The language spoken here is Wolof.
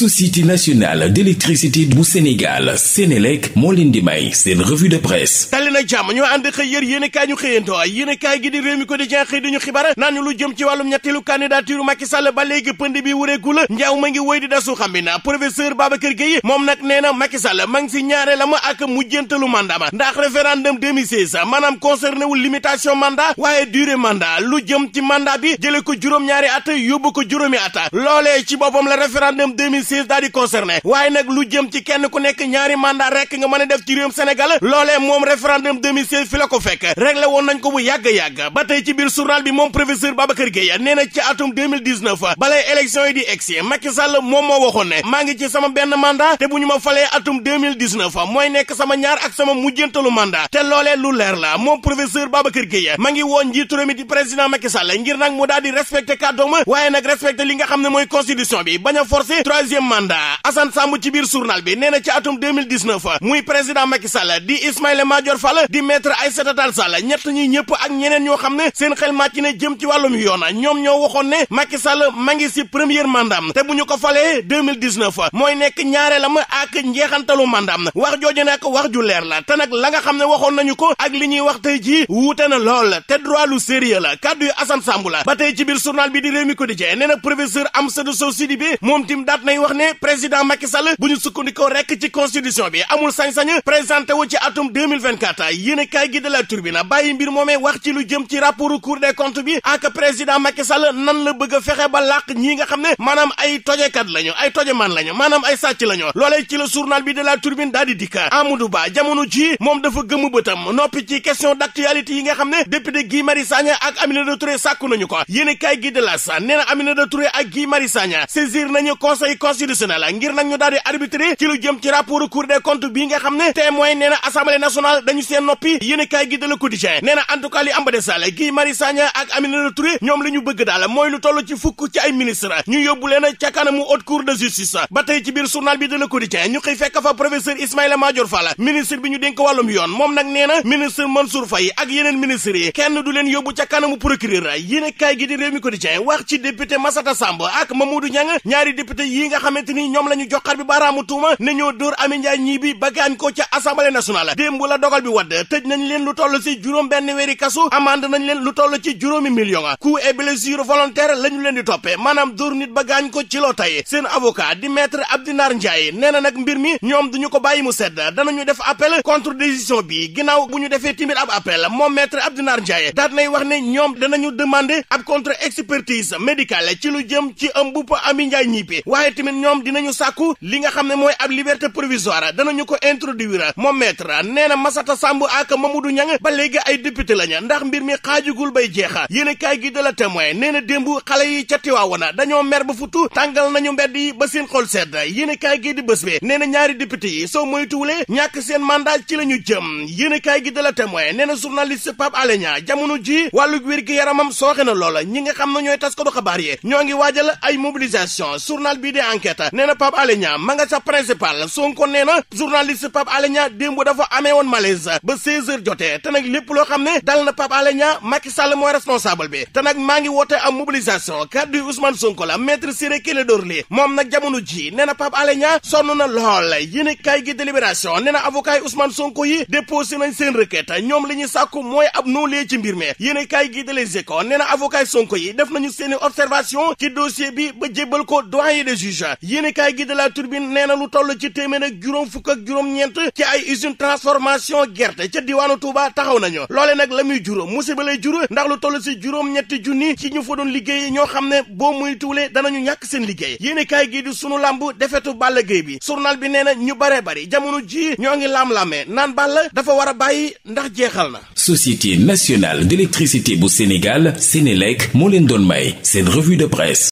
société nationale d'électricité bu Sénégal Sénélec moo leen di may de presse tali na jàmm ñoo ànd xëy yër yéen ñu xëyanto yéen i kaay gi di réew mi ko di jenxëy di ñu xibaar naan ñu lu jëm ci wàllum ñetteelu candidature Macky Sall ba léegi pënd bi wureeku la njaaw ma ngi woy di dasu xam bi na professeur Babacar Gueye moom nag nee na Macky Sall ma ngi si ñaare la ma ak mujjëntalu mandat ma ndax référendum 2016 maanaam concerné wu limitation mandat waaye lu jëm ci mandat bi jële 2016 daal di waaye nag lu jëm ci kenn ku nekk ñaari mandat rek nga mën a def ci réewum Sénégal loolee moom référendum 2016 fi la ko fekk réglé woon nañ ko bu yàgg-yàgg ba tey ci biir journal bi moom professeur Babacar Gueye nee na ci atum 2019 balay élection yi di egsi Macky moom moo waxoon ne maa ngi ci sama benn mandat te bu ñu ma falee atum 2019 mooy nekk sama ñaar ak sama mujjantalu mandat te loolee lu leer la moom professeur Babacar Gueye ma ngi woon njiitu réew mi di président Macky Sall ngir nag mu daal di respecté kàddoom waaye nag li nga xam ne mooy constitution bi bañ a troisième mandat Assane Samb ci bi nee na atum muy président Macky di Ismaïla Madior Fall di maître Aïssata Tall Sall ñett ñi ñëpp ak ñeneen ñoo xam ne seen xel jëm ci wàllum yoon ñoom ñoo waxoon ne Macky Sall ma ngi te bu ñu ko falee 2019 mooy nekk ñaareelam ak njeexantalu mandat wax jooju nag wax ju leer la te nag la xam ne waxoon nañu ko ak li ñuy wax tey jii wuute na lool te droit lu la kàddu yu Assane Samb wax président Macky Sall bu ñu sukkandikoo rek ci constitution bi amul sañ-sañ présenté wu ci atum 2024 yéen kaay gi de la Tribune bàyyi mbir moomee wax ci lu jëm ci rapport Cour des comptes bi ak président Macky Sall la bëgg a ba làq ñi nga xam ne maanaam ay tojekat lañu ay tojemaan lañu maanaam ay sàcc lañu loolee ci la journal bi de la Tribune daal di dikka Amadou Ba jamono ji moom dafa gëmm bëtam noppi ci question d'actualité yi nga xam ne député Guy Marius Sagna ak Aminata Touré sàkku nañu ko yéen kaay gi de la sa nee na Aminata ak Guy Marius Sagna saisir nañu conseil constitutionnel ngir nag ñu daal di ci lu jëm ci rapport cour des comptes bii nga xam ne témoin nee na assemblée dañu seen noppi yéen kaay gi de Le Quotidien nee na en tout cas li am ba des daal Guy Marius Sagna ak ñoom la ñu bëgg daal mooy lu toll ci fukk ci ministre ñu yóbbu leen ca kanamu haute cour de justice ba ci biir journal bi de Le Quotidien ñu xëy fekk fa professeur Ismaïla Madior Fall ministre bi ñu dénk wàllum yoon moom na xamante ni ñoom la ñu joxar bi baaraamu tuuma ne ñoo dóor Amy Ndiaye ñii bi ba gaañ ko ca assemblée nationale démb la dogal bi wadd tëj nañ leen lu toll si juróom benn weeri kasu amande nañ leen lu toll ci juróomi million coup et blessure volontaire leen di toppee maanaam dóor nit ba ko ci loo tey seen avocat di maître Abdinar Ndiaye nee na nag mi ñoom duñu ko bàyyi mu sedd danañu def appel contre décision bi ginnaaw bu ñu defee timit ab appel moom maître Abdinar Ndiaye daat wax ne ñoom danañu demander ab contre expertise médicale ci lu jëm ci ëmb bu Amy Ndiaye ñiibi tamit ñoom dinañu sàkku li nga xam ne mooy ab liberté provisoire danañu ko introduire moo maître nee na Massata Samb ak Mamadou Niang ba léegi ay député lañu ndax mbir mi xaajugul bay jeexa yéen kaay gi de la témoin nee na démb xale yi ca na dañoo mer ba futu tàngal nañu mbedd yi ba seen xol sedd yéen kaay gi di bés bi nee na ñaari député yi soo moytuwulee ñàkk seen mandat ci la ñu jëm yéen kaay gi de la témoin nee na journaliste Pape Alé Niang jamono ji wàllu wér-gi-yaramam sooxe na loola ñi nga xam ne ñooy tas ko xabaar yi ñoo ngi waajal ay mobilisation journal bi enquête nee na Pape Alé Niang ma nga Sonko nee na journaliste Pape Alé Niang démb dafa amee woon malaise ba 16 jotee te nag lépp loo ne dal na Pape Alé Niang Macky mooy responsable bi te nag maa ngi woote am mobilisation kàddu yi Ousmane Sonko la maître Ciré Clédor Ly moom nag jamono ji nee na Pape Alé Niang na lool yéen kay gi délibération nee na avocat yi Ousmane Sonko yi déposé nañ seen requête ñoom li sa sàkku mooy ab noolee ci mbir mi yéen kay gi de Les Échos Sonko yi def yéenekaay gi de La Tribune nee na lu toll ci téeméer ak juróom fukk ak juróom-ñeent ci ay usine transformation gerte ca diwaanu Touba taxaw nañu loole nag la muy juróom mu lay jur ndax lu toll si juróom-ñetti junni ci ñu fa doon liggéey ñoo xam ne boo muy dana ñu ñàkk seen liggéey yéenekaay gi di sunu lamb defetu Balla Gaye bi journal bi nee na ñu bare bari jamono ji ñoo ngi lam-lamee naan Balla dafa war a bàyyi ndax jeexal na Société nationale d'électricité bu Sénégal Sénélec moo leen doon may seen revue de presse